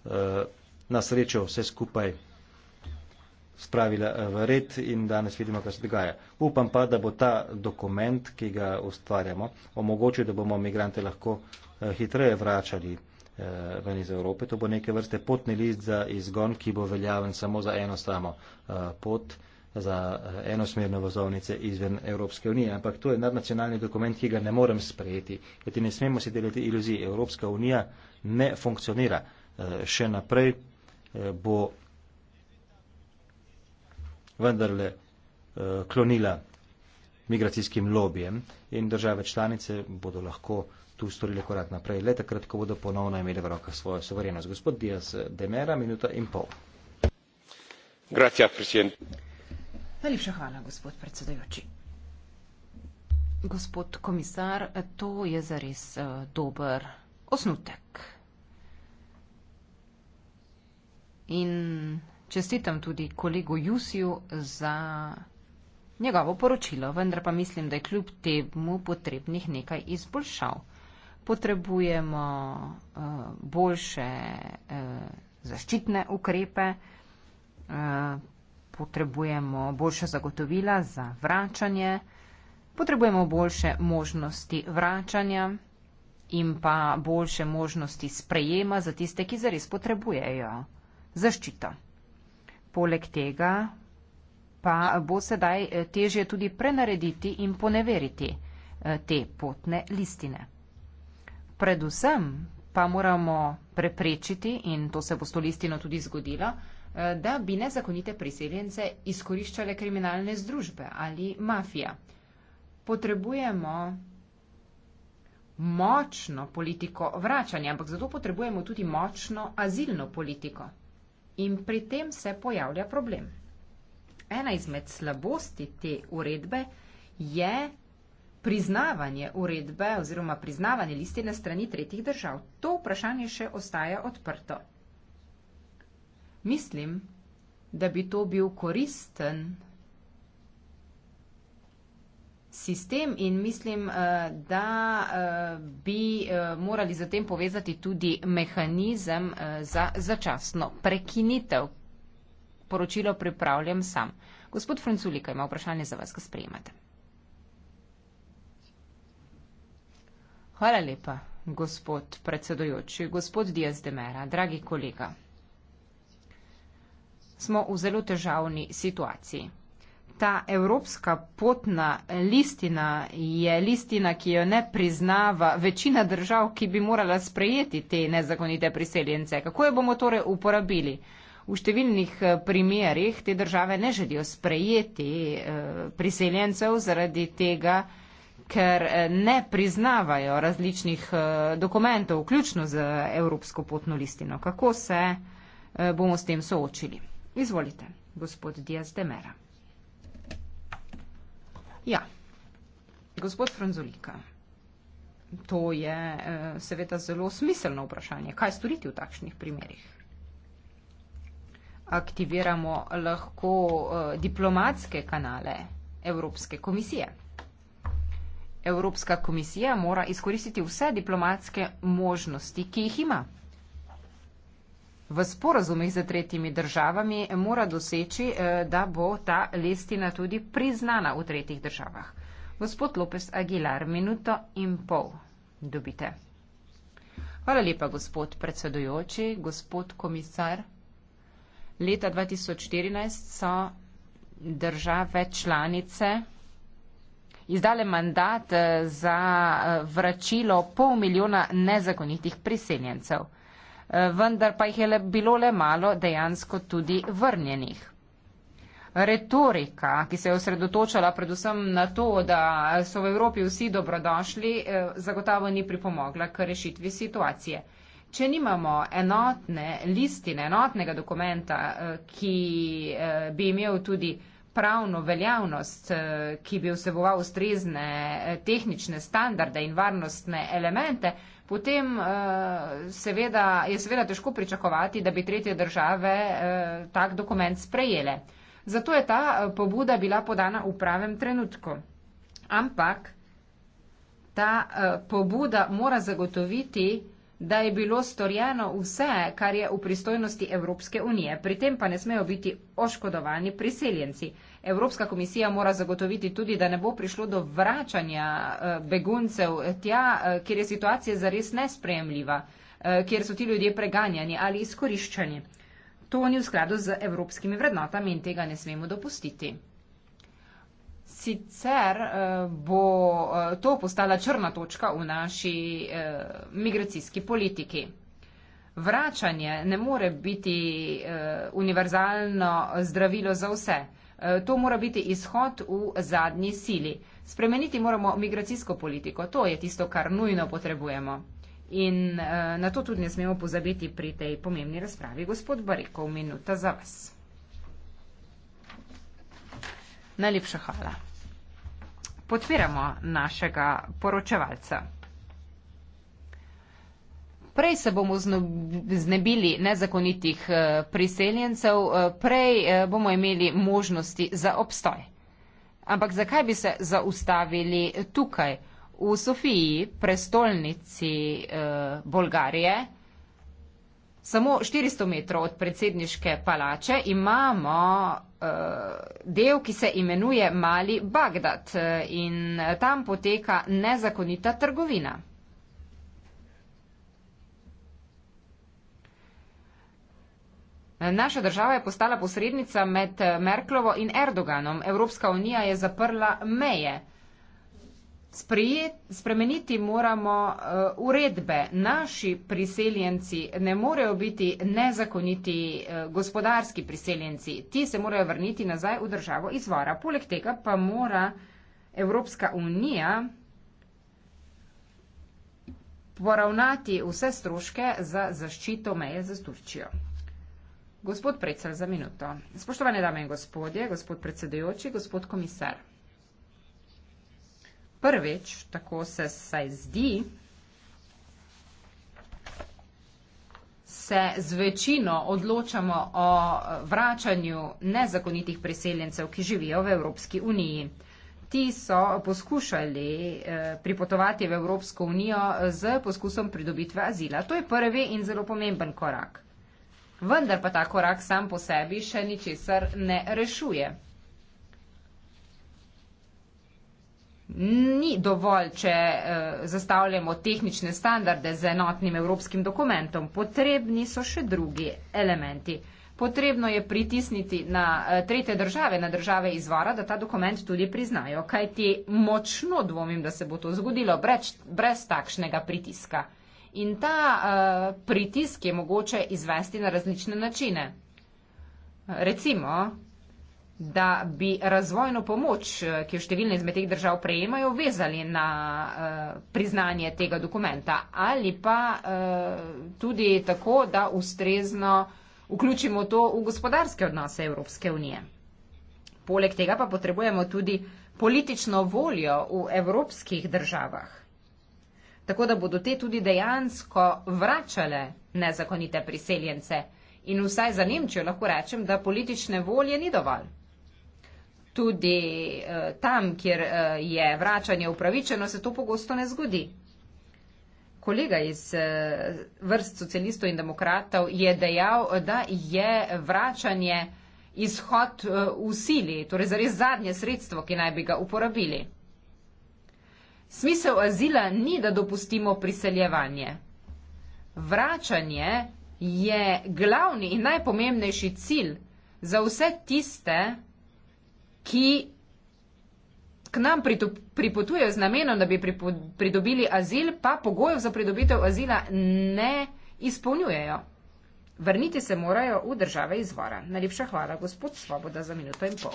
eh, na srečo vse skupaj spravila eh, v red in danes vidimo, kaj se dogaja. Upam pa, da bo ta dokument, ki ga ustvarjamo, omogočil, da bomo migrante lahko hitreje vračali ven iz Evrope. To bo neke vrste potni list za izgon, ki bo veljaven samo za eno samo pot za eh, enosmerne vozovnice izven Evropske unije. Ampak to je nadnacionalni dokument, ki ga ne morem sprejeti, kajti ne smemo si deliti iluzij. Evropska unija ne funkcionira. Eh, še naprej eh, bo vendarle klonila migracijskim lobijem in države članice bodo lahko tu storile korak naprej, le takrat, ko bodo ponovno imeli v rokah svojo soverenost. Gospod Dias Demera, minuta in pol. Gracias, Najlepša hvala, gospod predsedajoči. Gospod komisar, to je zares eh, dober osnutek. In čestitam tudi kolegu Jusiju za njegovo poročilo, vendar pa mislim, da je kljub temu potrebnih nekaj izboljšav. Potrebujemo uh, boljše uh, zaščitne ukrepe, uh, potrebujemo boljše zagotovila za vračanje, potrebujemo boljše možnosti vračanja in pa boljše možnosti sprejema za tiste, ki zares potrebujejo zaščito. Poleg tega pa bo sedaj eh, težje tudi prenarediti in poneveriti eh, te potne listine. Predvsem pa moramo preprečiti, in to se bo s to listino tudi zgodilo, Eh, da bi nezakonite priseljence izkoriščale kriminalne združbe ali mafija. Potrebujemo močno politiko vračanja, ampak zato potrebujemo tudi močno azilno politiko. In pri tem se pojavlja problem. Ena izmed slabosti te uredbe je priznavanje uredbe oziroma priznavanje listine strani tretjih držav. To vprašanje še ostaja odprto. Mislim, da bi to bil koristen sistem in mislim, eh, da eh, bi eh, morali zatem povezati tudi mehanizem za začasno prekinitev. Poročilo pripravljam sam. Gospod Franculika ima vprašanje za vas, ga sprejemate. Hvala lepa, gospod predsedojoči, gospod Diaz Demera, dragi kolega smo v zelo težavni situaciji. Ta evropska potna listina je listina, ki jo ne priznava večina držav, ki bi morala sprejeti te nezakonite priseljence. Kako jo bomo torej uporabili? V številnih eh, primerjih te države ne želijo sprejeti eh, priseljencev zaradi tega, ker eh, ne priznavajo različnih dokumentov, vključno z Evropsko potno listino. Kako se bomo s tem soočili? Izvolite, gospod Diaz de Mera. Ja, gospod Franzolika, to je eh, seveda zelo smiselno vprašanje. Kaj storiti v takšnih primerih? Aktiviramo lahko eh, diplomatske kanale Evropske komisije. Evropska komisija mora izkoristiti vse diplomatske možnosti, ki jih ima v sporazumih za tretjimi državami mora doseči, eh, da bo ta listina tudi priznana v tretjih državah. Gospod Lopes Aguilar, minuto in pol dobite. Hvala lepa, gospod predsedujoči, gospod komisar. Leta 2014 so države članice izdale mandat eh, za eh, vračilo pol milijona nezakonitih priseljencev vendar pa jih je le, bilo le malo dejansko tudi vrnjenih. Retorika, ki se je osredotočala predvsem na to, da so v Evropi vsi dobrodošli, eh, zagotavo ni pripomogla k rešitvi situacije. Če nimamo enotne listine, enotnega dokumenta, eh, ki eh, bi imel tudi pravno veljavnost, eh, ki bi vseboval ustrezne eh, tehnične standarde in varnostne elemente, potem eh, seveda, je seveda težko pričakovati, da bi tretje države tak dokument sprejele. Zato je ta pobuda bila podana v pravem trenutku. Ampak ta pobuda mora zagotoviti, da je bilo storjeno vse, kar je v pristojnosti Evropske unije. Pri tem pa ne smejo biti oškodovani priseljenci. Evropska komisija mora zagotoviti tudi, da ne bo prišlo do vračanja eh, beguncev tja, eh, kjer je situacija zares nespremljiva, eh, kjer so ti ljudje preganjani ali izkoriščani. To ni v skladu z evropskimi vrednotami in tega ne smemo dopustiti sicer eh, bo eh, to postala črna točka v naši eh, migracijski politiki. Vračanje ne more biti univerzalno zdravilo za vse. To mora biti izhod v zadnji sili. Spremeniti moramo migracijsko politiko. To je tisto, kar nujno potrebujemo. In na to tudi ne smemo pozabiti pri tej pomembni razpravi. Gospod Barikov, minuta za vas. Najlepša hvala. Podpiramo našega poročevalca. Prej se bomo znebili nezakonitih eh, priseljencev, eh, prej eh, bomo imeli možnosti za obstoj. Ampak zakaj bi se zaustavili tukaj, v Sofiji, prestolnici Bolgarije, samo 400 metrov od predsedniške palače, imamo Eh, del, ki se imenuje Mali Bagdad eh, in tam poteka nezakonita trgovina. Naša država je postala posrednica med Merklovo in Erdoganom. Evropska unija je zaprla meje. Sprejet, spremeniti moramo uh, uredbe. Naši priseljenci ne morejo biti nezakoniti uh, gospodarski priseljenci. Ti se morajo vrniti nazaj v državo izvora. Poleg tega pa mora Evropska unija poravnati vse stroške za zaščito meje za Turčijo. Gospod predsedujoči, za minuto. Spoštovane dame in gospodje, gospod predsedujoči, gospod komisar prvič, tako se saj zdi, se z večino odločamo o vračanju nezakonitih priseljencev, ki živijo v Evropski uniji. Ti so poskušali eh, pripotovati v Evropsko unijo z poskusom pridobitve azila. To je prvi in zelo pomemben korak. Vendar pa ta korak sam po sebi še ničesar ne rešuje. ni dovolj, če eh, zastavljamo tehnične standarde z enotnim evropskim dokumentom. Potrebni so še drugi elementi. Potrebno je pritisniti na eh, tretje države, na države izvora, da ta dokument tudi priznajo, kaj ti močno dvomim, da se bo to zgodilo brez, brez takšnega pritiska. In ta uh, pritisk je mogoče izvesti na različne načine. Recimo, da bi razvojno pomoč, eh, ki jo številne izmed teh držav prejemajo, vezali na eh, priznanje tega dokumenta ali pa eh, tudi tako, da ustrezno vključimo to v gospodarske odnose Evropske unije. Poleg tega pa potrebujemo tudi politično voljo v evropskih državah, tako da bodo te tudi dejansko vračale nezakonite priseljence. In vsaj za Nemčijo lahko rečem, da politične volje ni dovolj tudi uh, tam, kjer uh, je vračanje upravičeno, se to pogosto ne zgodi. Kolega iz uh, vrst socialistov in demokratov je dejal, da je vračanje izhod uh, v sili, torej zares zadnje sredstvo, ki naj bi ga uporabili. Smisel azila ni, da dopustimo priseljevanje. Vračanje je glavni in najpomembnejši cilj za vse tiste, ki k nam pripotujejo z namenom, da bi pridobili azil, pa pogojev za pridobitev azila ne izpolnjujejo. Vrniti se morajo v države izvora. Najlepša hvala, gospod Svoboda, za minuto in pol.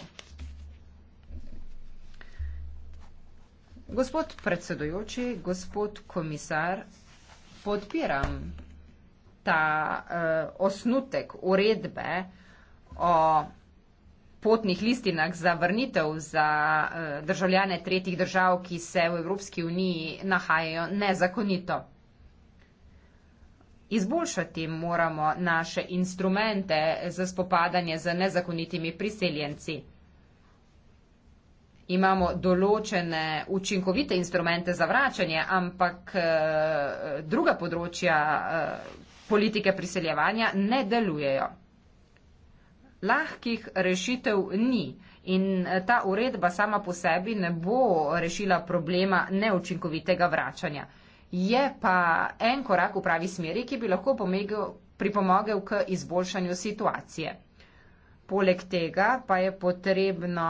Gospod predsedujoči, gospod komisar, podpiram ta uh, osnutek uredbe o potnih listinah za vrnitev za eh, državljane tretjih držav, ki se v Evropski uniji nahajajo nezakonito. Izboljšati moramo naše instrumente za spopadanje z nezakonitimi priseljenci. Imamo določene učinkovite instrumente za vračanje, ampak eh, druga področja eh, politike priseljevanja ne delujejo lahkih rešitev ni. In eh, ta uredba sama po sebi ne bo rešila problema neučinkovitega vračanja. Je pa en korak v pravi smeri, ki bi lahko pomegel, pripomogel k izboljšanju situacije. Poleg tega pa je potrebno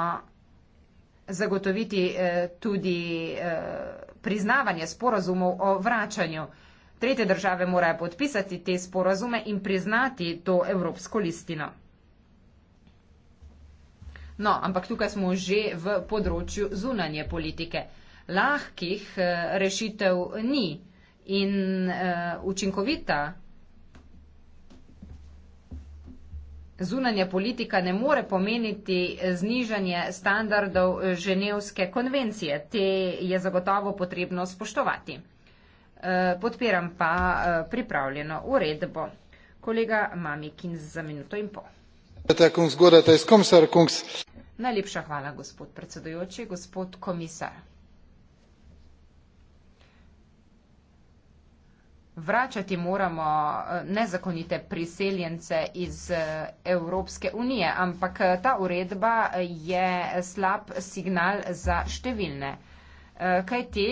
zagotoviti eh, tudi eh, priznavanje sporazumov o vračanju. Tretje države morajo podpisati te sporazume in priznati to evropsko listino. No, ampak tukaj smo že v področju zunanje politike. Lahkih eh, rešitev ni in eh, učinkovita zunanje politika ne more pomeniti znižanje standardov Ženevske konvencije. Te je zagotovo potrebno spoštovati. Eh, podpiram pa pripravljeno uredbo. Kolega Mamikin za minuto in pol. Najlepša hvala, gospod predsedujoči, gospod komisar. Vračati moramo eh, nezakonite priseljence iz eh, Evropske unije, ampak eh, ta uredba je slab signal za številne. Kaj ti?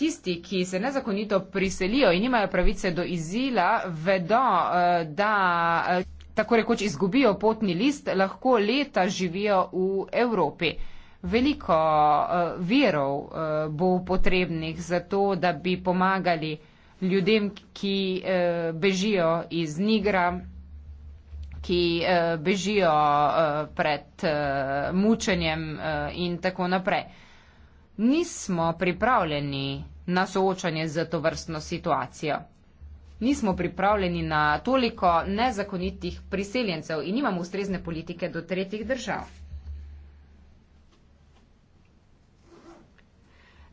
tisti, ki se nezakonito priselijo in imajo pravice do izila, vedo, eh, da eh, tako rekoč izgubijo potni list, lahko leta živijo v Evropi. Veliko eh, virov bo potrebnih za to, da bi pomagali ljudem, ki bežijo iz Nigra, ki bežijo pred mučenjem in tako naprej. Nismo pripravljeni na soočanje z to vrstno situacijo. Nismo pripravljeni na toliko nezakonitih priseljencev in nimamo ustrezne politike do tretjih držav.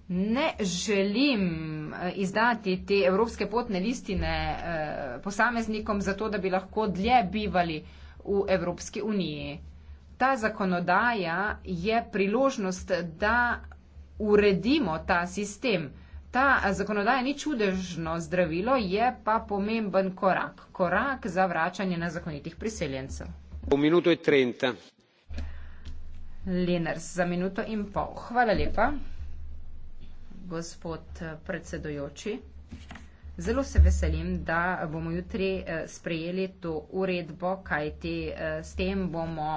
Ne želim eh, izdati te evropske potne listine eh, posameznikom zato, da bi lahko dlje bivali v Evropski uniji. Ta zakonodaja je priložnost, da uredimo ta sistem ta eh, zakonodaja ni čudežno zdravilo, je pa pomemben korak, korak za vračanje nezakonitih priseljencev. V minuto in e 30. Leners, za minuto in pol. Hvala lepa, gospod eh, predsedojoči. Zelo se veselim, da bomo jutri eh, sprejeli to uredbo, kajti s tem bomo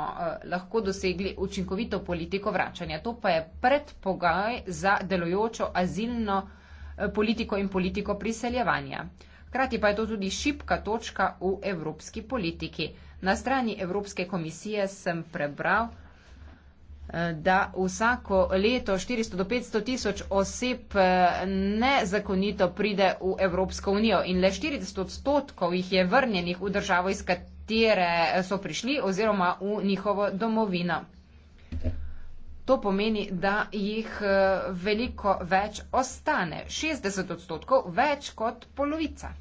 lahko dosegli učinkovito politiko vračanja. To pa je predpogaj za delojočo azilno politiko politiko in politiko priseljevanja. Hkrati pa je to tudi šipka točka v evropski politiki. Na strani Evropske komisije sem prebral, eh, da vsako leto 400 do 500 tisoč oseb eh, nezakonito pride v Evropsko unijo in le 40 odstotkov jih je vrnjenih v državo, iz katere eh, so prišli oziroma v njihovo domovino. To pomeni, da jih eh, veliko več ostane, 60 odstotkov več kot polovica.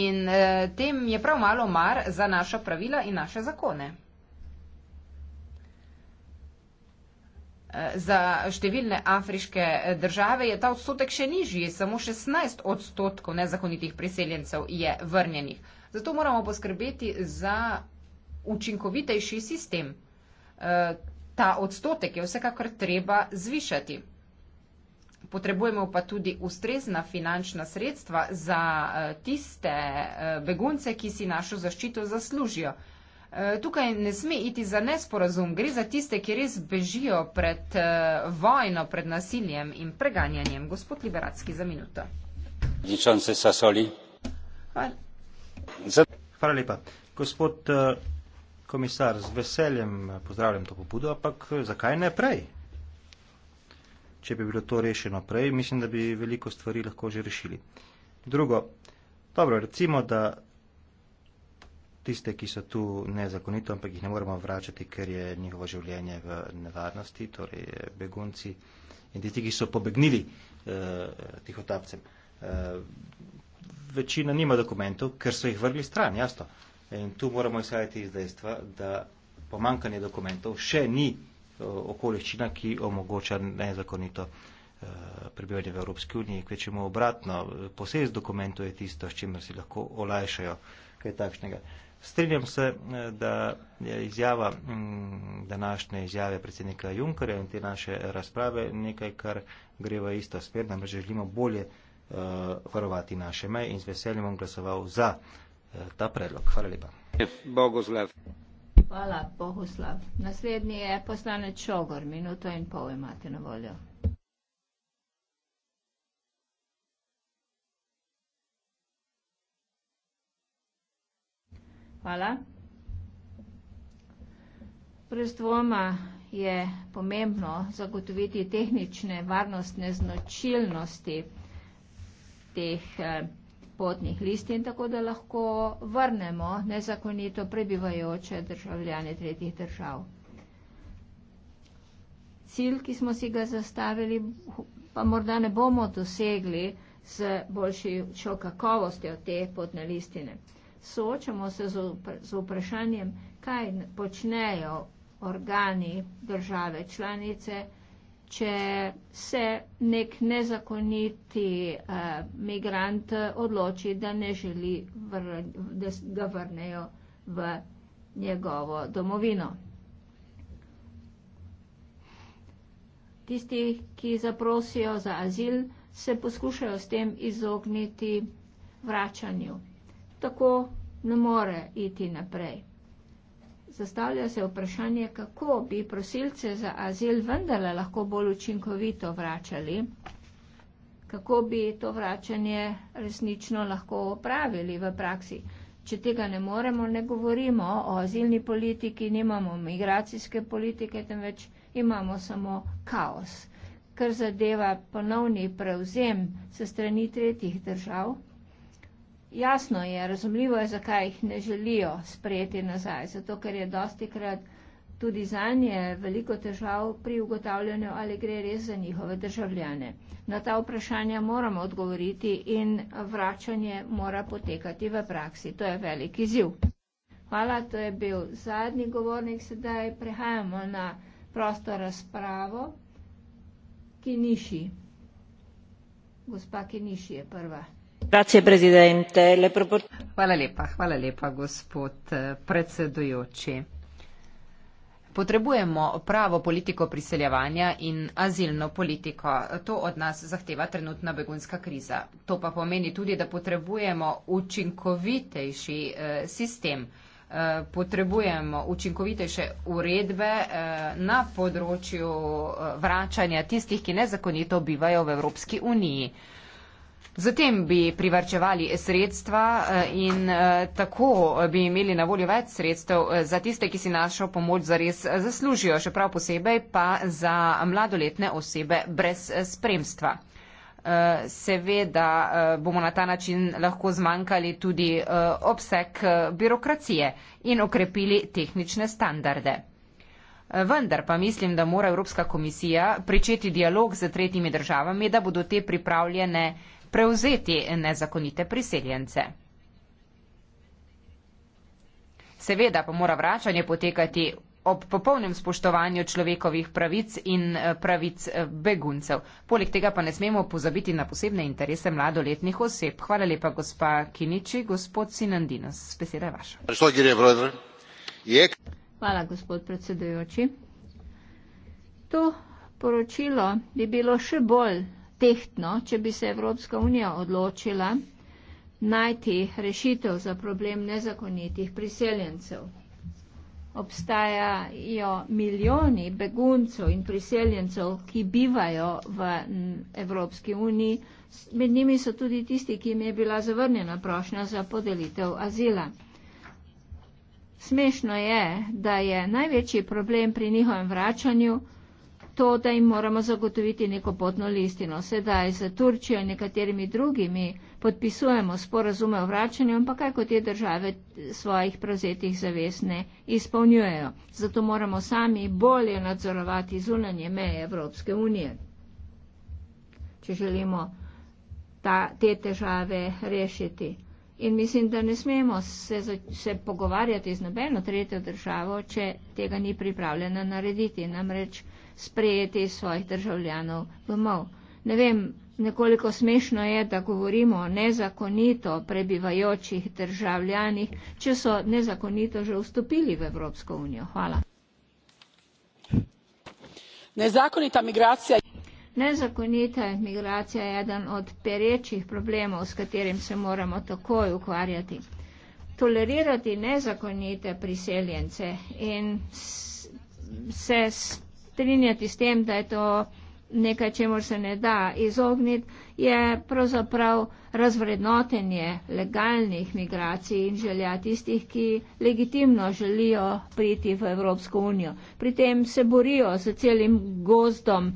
In eh, tem je prav malo mar za naša pravila in naše zakone. Eh, za številne afriške eh, države je ta odstotek še nižji, samo 16 odstotkov nezakonitih priseljencev je vrnjenih. Zato moramo poskrbeti za učinkovitejši sistem. E, ta odstotek je vsekakor treba zvišati. Potrebujemo pa tudi ustrezna finančna sredstva za e, tiste e, begunce, ki si našo zaščito zaslužijo. Tukaj ne sme iti za nesporazum. Gre za tiste, ki res bežijo pred vojno, pred nasiljem in preganjanjem. Gospod Liberacki, za minuto. Hvala. Hvala lepa. Gospod komisar, z veseljem pozdravljam to pobudo, ampak zakaj ne prej? Če bi bilo to rešeno prej, mislim, da bi veliko stvari lahko že rešili. Drugo, dobro, recimo, da tiste, ki so tu nezakonito, ampak jih ne moramo vračati, ker je njihovo življenje v nevarnosti, torej eh, begunci in tisti, ki so pobegnili eh, tihotapcem. Eh, večina nima dokumentov, ker so jih vrgli stran, jasno. In tu moramo izhajati iz dejstva, da pomankanje dokumentov še ni eh, okoliščina, ki omogoča nezakonito eh, prebivanje v Evropski uniji, kaj čemu obratno, posebej z dokumentov je tisto, s čimer si lahko olajšajo kaj takšnega. Strinjam se, eh, da je izjava, mm, današnje izjave predsednika Junkerja in te naše razprave nekaj, kar gre v isto smer, namreč želimo bolje uh, varovati naše meje in z veseljem bom glasoval za uh, ta predlog. Hvala lepa. Bogoslav. Hvala, Bohuslav. Naslednji je poslanec Šogor. Minuto in pol imate na voljo. Hvala. Brez dvoma je pomembno zagotoviti tehnične varnostne značilnosti teh eh, potnih listin, tako da lahko vrnemo nezakonito prebivajoče državljane tretjih držav. Cilj, ki smo si ga zastavili, pa morda ne bomo dosegli z boljšo kakovostjo te potne listine. Soočamo se z vprašanjem, kaj počnejo organi države članice, če se nek nezakoniti uh, migrant odloči, da ne želi, vr, da ga vrnejo v njegovo domovino. Tisti, ki zaprosijo za azil, se poskušajo s tem izogniti vračanju. Tako ne more iti naprej zastavlja se vprašanje, kako bi prosilce za azil vendarle lahko bolj učinkovito vračali, kako bi to vračanje resnično lahko opravili v praksi. Če tega ne moremo, ne govorimo o azilni politiki, nimamo migracijske politike, temveč imamo samo kaos. Kar zadeva ponovni prevzem se strani tretjih držav, jasno je, razumljivo je, zakaj jih ne želijo sprejeti nazaj. Zato, ker je dosti krat tudi za nje veliko težav pri ugotavljanju, ali gre res za njihove državljane. Na ta vprašanja moramo odgovoriti in vračanje mora potekati v praksi. To je velik izziv. Hvala, to je bil zadnji govornik. Sedaj prehajamo na prosto razpravo. Kiniši. Gospa Kiniši je prva. Grazie, Presidente. Le propor- hvala lepa, hvala lepa, gospod eh, predsedujoči. Potrebujemo pravo politiko priseljevanja in azilno politiko. To od nas zahteva trenutna begunska kriza. To pa pomeni tudi, da potrebujemo učinkovitejši eh, sistem. Eh, potrebujemo učinkovitejše uredbe na področju vračanja tistih, ki nezakonito bivajo v Evropski uniji. Zatem bi privrčevali sredstva eh, in eh, tako bi imeli na voljo več sredstev eh, za tiste, ki si našo pomoč zares zaslužijo, še prav posebej pa za mladoletne osebe brez spremstva. Seveda bomo na ta način lahko zmanjkali tudi obseg birokracije in okrepili tehnične standarde. Vendar pa mislim, da mora Evropska komisija pričeti dialog z tretjimi državami, da bodo te pripravljene prevzeti nezakonite priseljence. Seveda pa mora vračanje potekati ob popolnem spoštovanju človekovih pravic in eh, pravic eh, beguncev. Poleg tega pa ne smemo pozabiti na posebne interese mladoletnih oseb. Hvala lepa, gospa Kiniči, gospod Sinandinos. Beseda je vaša. Hvala, gospod predsedujoči. To poročilo bi bilo še bolj tehtno, če bi se Evropska unija odločila najti rešitev za problem nezakonitih priseljencev. Obstajajo milijoni beguncev in priseljencev, ki bivajo v Evropski uniji, med njimi so tudi tisti, ki jim je bila zavrnjena prošnja za podelitev azila. Smešno je, da je največji problem pri njihovem vračanju to, da jim moramo zagotoviti neko potno listino. Sedaj z Turčijo in nekaterimi drugimi podpisujemo sporazume o vračanju, ampak kako te države svojih prevzetih zavez ne izpolnjujejo. Zato moramo sami bolje nadzorovati zunanje meje Evropske unije, če želimo ta, te težave rešiti. In mislim, da ne smemo se, se pogovarjati z nobeno tretjo državo, če tega ni pripravljena narediti. Namreč sprejeti svojih državljanov domov. Ne vem, nekoliko smešno je, da govorimo o nezakonito prebivajočih državljanih, če so nezakonito že vstopili v Evropsko unijo. Hvala. Nezakonita migracija. Nezakonita migracija je eden od perečih problemov, s katerim se moramo takoj ukvarjati. Tolerirati nezakonite priseljence in se s strinjati s tem, da je to nekaj, čemu se ne da izogniti, je pravzaprav razvrednotenje legalnih migracij in želja tistih, ki legitimno želijo priti v Evropsko unijo. Pri tem se borijo z celim gozdom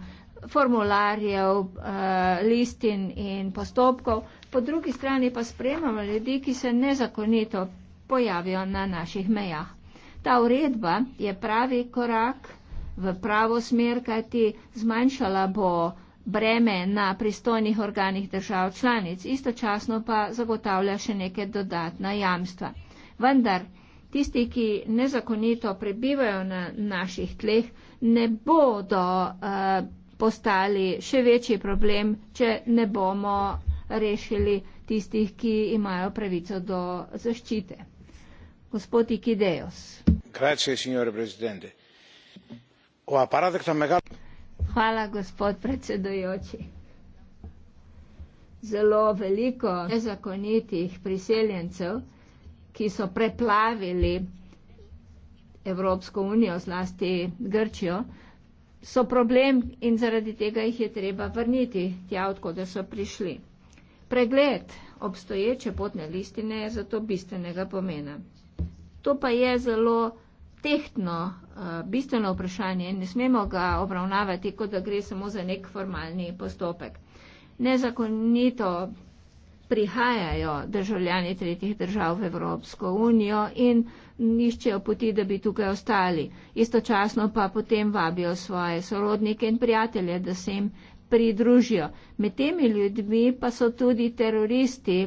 formularjev, eh, listin in postopkov, po drugi strani pa spremamo ljudi, ki se nezakonito pojavijo na naših mejah. Ta uredba je pravi korak v pravo smer, kajti zmanjšala bo breme na pristojnih organih držav članic, istočasno pa zagotavlja še neke dodatna jamstva. Vendar tisti, ki nezakonito prebivajo na naših tleh, ne bodo uh, postali še večji problem, če ne bomo rešili tistih, ki imajo pravico do zaščite. Gospod Ikideos. Grazie, signore Presidente. Hvala, gospod predsedujoči. Zelo veliko nezakonitih priseljencev, ki so preplavili Evropsko unijo, zlasti Grčijo, so problem in zaradi tega jih je treba vrniti tja, odkud so prišli. Pregled obstoječe potne listine je zato bistvenega pomena. To pa je zelo tehtno, eh, bistveno vprašanje in ne smemo ga obravnavati, kot da gre samo za nek formalni postopek. Nezakonito prihajajo državljani tretjih držav v Evropsko unijo in niščejo poti, da bi tukaj ostali. Istočasno pa potem vabijo svoje sorodnike in prijatelje, da se jim pridružijo. Med temi ljudmi pa so tudi teroristi,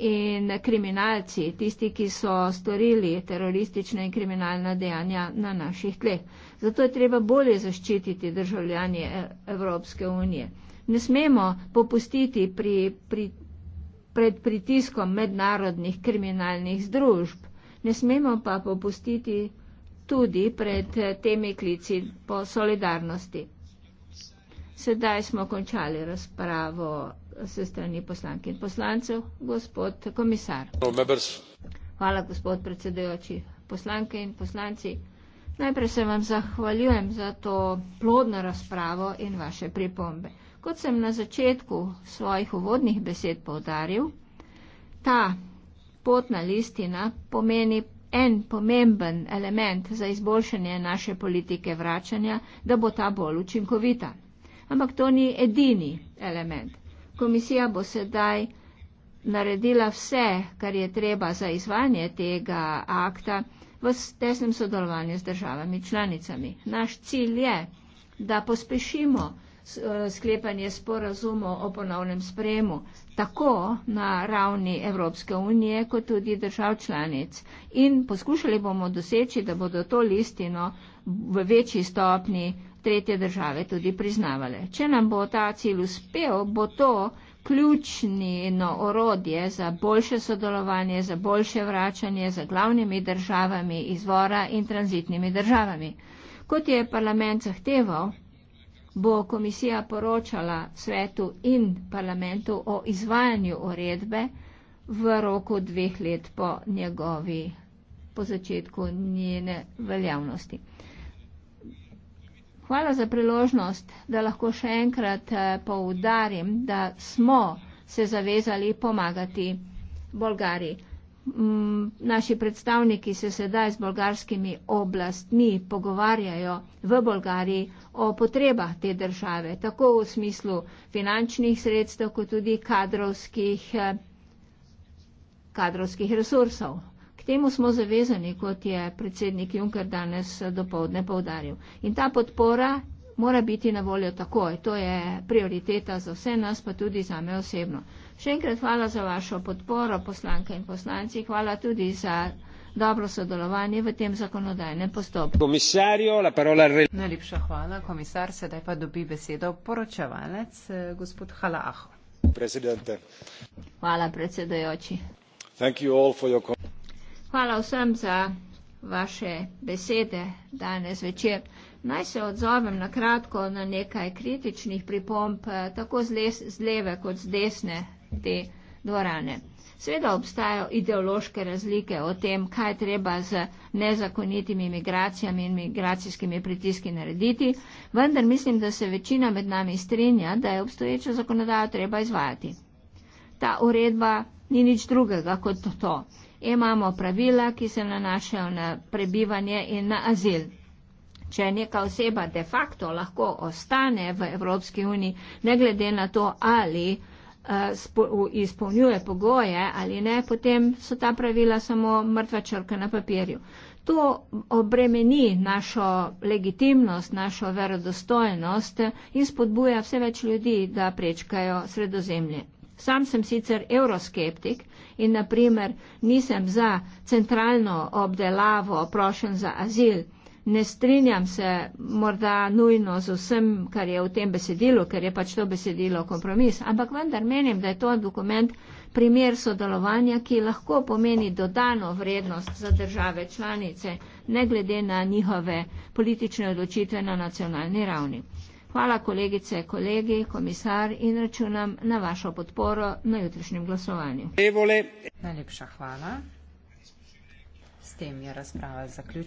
in kriminalci, tisti, ki so storili teroristične in kriminalna dejanja na naših tleh. Zato je treba bolje zaščititi državljanje e- Evropske unije. Ne smemo popustiti pri, pri, pred pritiskom mednarodnih kriminalnih združb, ne smemo pa popustiti tudi pred eh, temi klici po solidarnosti. Sedaj smo končali razpravo se strani poslanki in poslancev, gospod komisar. Hvala, gospod predsedujoči, poslanke in poslanci. Najprej se vam zahvaljujem za to plodno razpravo in vaše pripombe. Kot sem na začetku svojih uvodnih besed povdaril, ta potna listina pomeni en pomemben element za izboljšanje naše politike vračanja, da bo ta bolj učinkovita. Ampak to ni edini element. Komisija bo sedaj naredila vse, kar je treba za izvanje tega akta v tesnem sodelovanju z državami članicami. Naš cilj je, da pospešimo eh, sklepanje sporazumo o ponovnem spremu tako na ravni Evropske unije, kot tudi držav članic. In poskušali bomo doseči, da bodo to listino v večji stopni tretje države tudi priznavale. Če nam bo ta cilj uspel, bo to ključno orodje za boljše sodelovanje, za boljše vračanje za glavnimi državami izvora in tranzitnimi državami. Kot je parlament zahteval, bo komisija poročala svetu in parlamentu o izvajanju uredbe v roku dveh let po njegovi, po začetku njene veljavnosti. Hvala za priložnost, da lahko še enkrat eh, poudarim, da smo se zavezali pomagati Bolgari. Mm, naši predstavniki se sedaj z bolgarskimi oblastmi pogovarjajo v Bolgariji o potrebah te države, tako v smislu finančnih sredstev, kot tudi kadrovskih, eh, kadrovskih resursov. K temu smo zavezani, kot je predsednik Juncker danes dopovdne povdaril. In ta podpora mora biti na voljo takoj. To je prioriteta za vse nas, pa tudi za me osebno. Še enkrat hvala za vašo podporo, poslanke in poslanci. Hvala tudi za dobro sodelovanje v tem zakonodajnem postopku. Najlepša hvala, komisar. Sedaj pa dobi besedo poročevalec, eh, gospod Halaho. Hvala, predsedojoči. Hvala vsem za vaše besede danes večer. Naj se odzovem na kratko na nekaj kritičnih pripomp, eh, tako z, les, z leve kot z desne te dvorane. Sveda obstajajo ideološke razlike o tem, kaj treba z nezakonitimi migracijami in migracijskimi pritiski narediti, vendar mislim, da se večina med nami strinja, da je obstoječo zakonodajo treba izvajati. Ta uredba ni nič drugega kot to imamo pravila, ki se nanašajo na prebivanje in na azil. Če neka oseba de facto lahko ostane v Evropski uniji, ne glede na to, ali eh, izpolnjuje pogoje ali ne, potem so ta pravila samo mrtva črka na papirju. To obremeni našo legitimnost, našo verodostojnost in spodbuja vse več ljudi, da prečkajo sredozemlje. Sam sem sicer euroskeptik, in naprimer nisem za centralno obdelavo prošen za azil. Ne strinjam se morda nujno z vsem, kar je v tem besedilu, ker je pač to besedilo kompromis, ampak vendar menim, da je to dokument primer sodelovanja, ki lahko pomeni dodano vrednost za države članice, ne glede na njihove politične odločitve na nacionalni ravni. Hvala, kolegice, kolegi, komisar in računam na vašo podporo na jutrišnjem glasovanju. Najlepša hvala. S tem je razprava zaključena.